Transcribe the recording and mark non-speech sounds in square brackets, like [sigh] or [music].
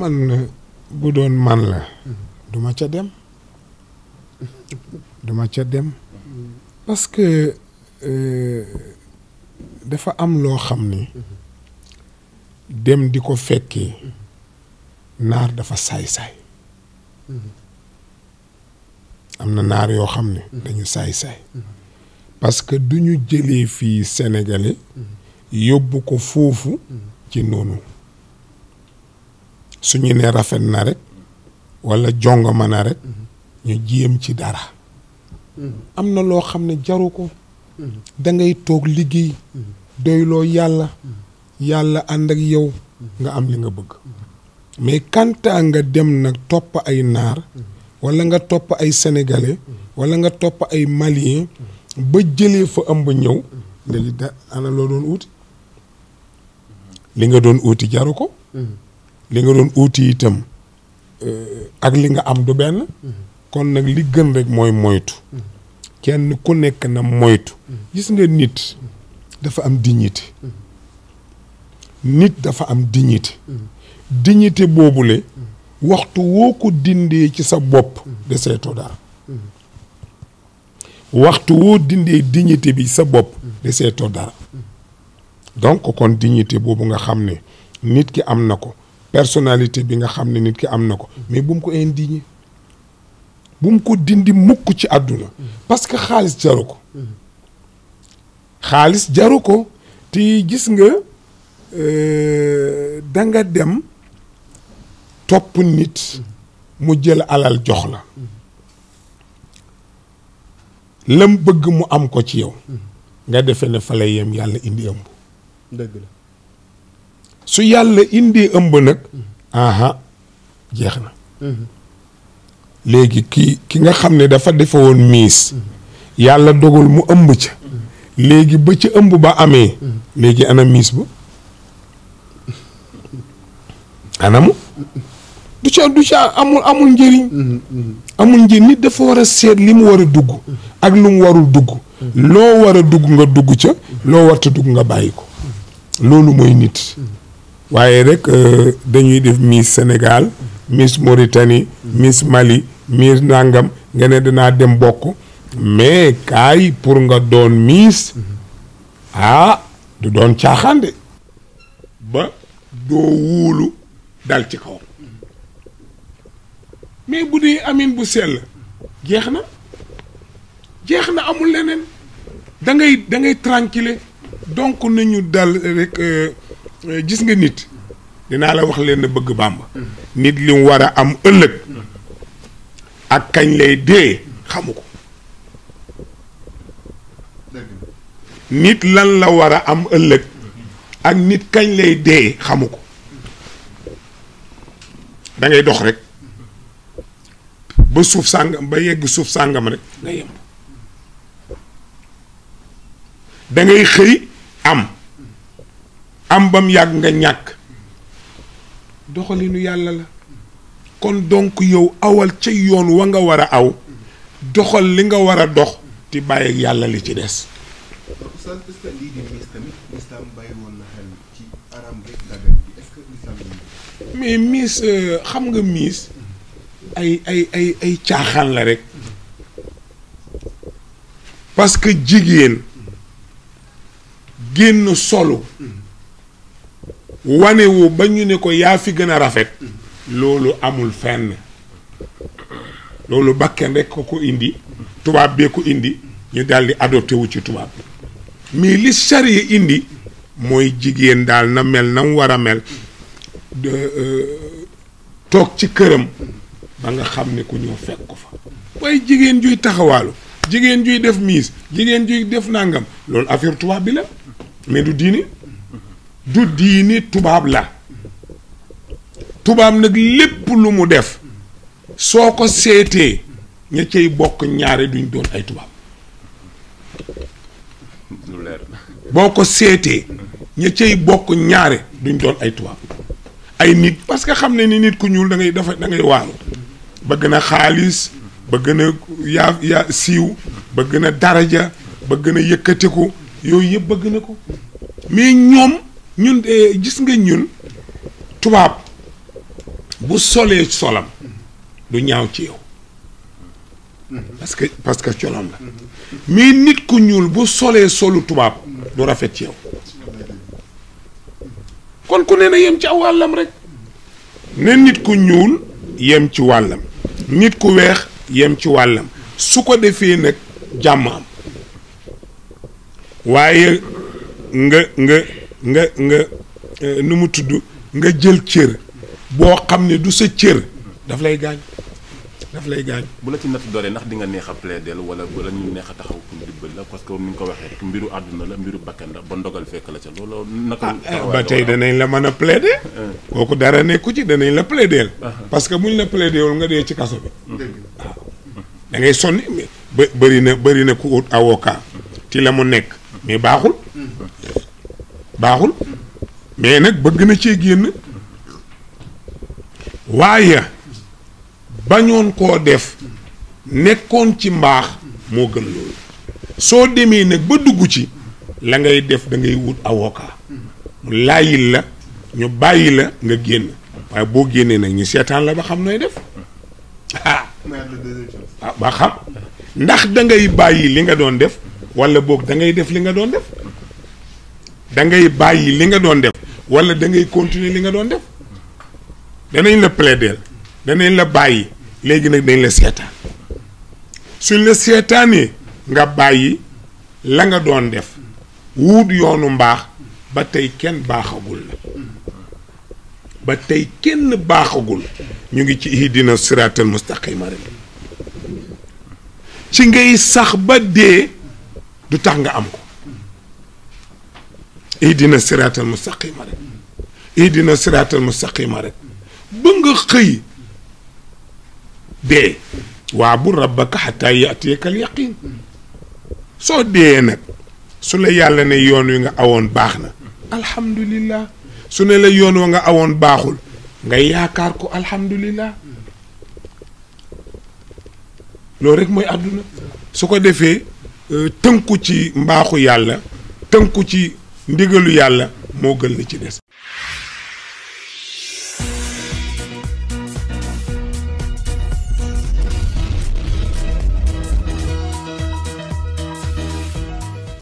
man bu doon man la mm-hmm. duma ca dem [laughs] duma ca dem mm-hmm. parce que euh, dafa am loo xam ni mm-hmm. dem di ko fekkee naar dafa saay-saay am na naar yoo xam ne dañu saay-saay parce que du ñu jëlee fii sénégalais yóbbu ko foofu ci noonu suñu ne rafet na rek wala jongoma na rek mm-hmm. ñu jéem ci dara mm-hmm. am na loo xam ne jaru ko mm-hmm. da ngay toog liggéey doyloo yàlla yàlla ànd ak yow nga am li nga bëgg mais kanta nga dem nag topp ay naar wala nga topp ay sénégalais wala nga topp ay malien ba jëlee fa am ñëw léegi ana loo doon uuti li nga doon uuti jaru ko li nga doon uuti itam euh, ak li nga am du benn kon nag li gën rek mooy moytu kenn ku nekk na moytu gis nga nit dafa am dignité nit dafa am dignité dignité boobule waxtu woo ko dindee ci sa bopp deseetoo dara waxtu woo dindee dignité bi sa bopp deseetoo dara donc kon dignité boobu nga xam ne nit ki am na ko personnalité bi nga xam ne nit ki am na ko mais bu mu ko indigné bu mu ko dindi mukk ci àdduna parce que xaalis jaru ko xaalis jaru ko te gis nga euh, da nga dem topp nit mu jël alal jox la lam bëgg mu am ko ci yow nga defe ne fa lay yàlla indi ëmb su yàlla indee ëmb nag aha jeex na léegi ki ki nga xam ne dafa defe woon miis yàlla dogal mu ëmb ca léegi ba ca ëmb ba amee léegi ana miis ba anamu du ca du ca amul amul njëriñ amul njëriñ nit dafa war a seet li mu war a dugg ak lu mu warul dugg loo war a dugg nga dugg ca loo warta dugg nga bàyyi ko loolu mooy nit waaye rek euh, dañuy def miis senegaal Miss Mauritanie Miss Mali Miss Nangam nga ne dem bokk mais kaay pour nga doon Miss ah du doon caaxaande ba doo wuulu dal ci kaw mais bu dee amin bu sell jeex na jeex na amul leneen dangay dangay da ngay donc nañu dal rek euh, Euh, gis nga nit dinaa la wax leen bëgg bàmb nit li war a am ëllëg ak kañ lay dee xamu ko nit lan la war a am ëllëg ak nit kañ lay dee xamu ko da dox rek ba suuf sàngam ba yegg suuf sàngam rek nga yem da xëy am am bam yàgg nga ñàkk doxalinu yàlla la kon donc yow awal ca yoon wa nga war a aw doxal li nga war a dox ti bàyyi yàlla li ci des mais miis euh, xam nga miis ay ay ay caaxaan la rek parce que jigéen génn solo wanewu ba ñu ne ko yaa fi gën a rafet loolu amul fenn loolu bakken rek ko ko indi tubaab bee ko indi ñu daal di adopté wu ci tubaab mais li charia indi mooy jigéen daal na mel na mu war a mel euh, toog ci këram ba nga xam ne ku ñëw fekk ko fa waaye jigéen juy taxawaalu jigéen juy def miis jigéen juy def nàngam loolu affaire tubaab bi la mais du du diini tubaab la tubaab nag lépp lu mu def soo ko seetee ña cay bokk ñaare duñ doon ay tubaab boo ko seetee ña cay bokk ñaare duñ ay tubaab ay nit parce que xam ne ni nit ku ñuul dangay ngay dafa da ngay waaru bëgg na xaalis bëgg na yaa yaa siiw bëgg na daraja bëgg na yëkkatiku yooyu yëpp bëgg na ko mais ñoom ñun eh, gis nga ñun tubaab bu solee solam du ñaaw ci yow parce que parce que colom la mais nit ku ñuul bu solee solu tubaab du rafet ci yaw kon ku ne na yem ci aw wàllam rek ne nit ku ñuul yem ci wàllam nit ku weex yem ci wàllam su ko defee nag jàmm am waaye nga nga nga nga eh, nu mu tudd nga jël cër boo xam ne du sa cër daf lay gaañ daf lay gaañ. bu la ci natt doole ndax di nga neex a plaider wala wala ñu neex a taxaw pour dimbali la parce que mbiru àdduna la mbiru bakkan la ba ndogal la ca loolu naka. Ah, eh, ba tey danañ la mën a plaider. Eh. kooku dara nekku ci danañ la plaider. Uh-huh. parce que buñ la plaider wul nga dee ci kaso bi. Mm-hmm. waaw da ngay sonni ba bëri na bëri na ku ut avocat. ci la mu nekk mais baaxul. baaxul mais nag bëgg na cee génn waaye bañoon koo def nekkoon ci mbaax moo gën loolu soo demee nag ba dugg ci la ngay def da ngay wut awoka mu laayil la ñu bàyyi la nga génn waaye boo génnee nag ñu seetaan la ba xam nay def ah. ah ba xam ndax dangay bàyyi li nga doon def walla boog da ngay def li nga doon def da ngay bàyyi li nga doon def wala da ngay continuer li nga doon def danañ la plaider danañ la bàyyi léegi nag dañ la seetaan suñ la seetaanee nga bàyyi la nga doon def wuut yoonu mbaax ba tey kenn baaxagul la tey kenn baaxagul ñu ngi ci dina siraatal mustaqima rek ci ngay sax ba dee du tax nga am ko ihdina siraatal mustaqima rek ihdina siraatal mustaqima rek ba nga xëy dee waabud rabbaka xataa yaatiyaka al yaqin soo dee nag su la yàlla ne yoon wi nga awoon baax na alhamdulillah su ne la yoon wa nga awoon baaxul nga yaakaar ko alhamdulillah loolu rek mooy àdduna su ko defee euh, tënku ci mbaaxu yàlla tënku ci ndigalu yàlla moo gën la ci des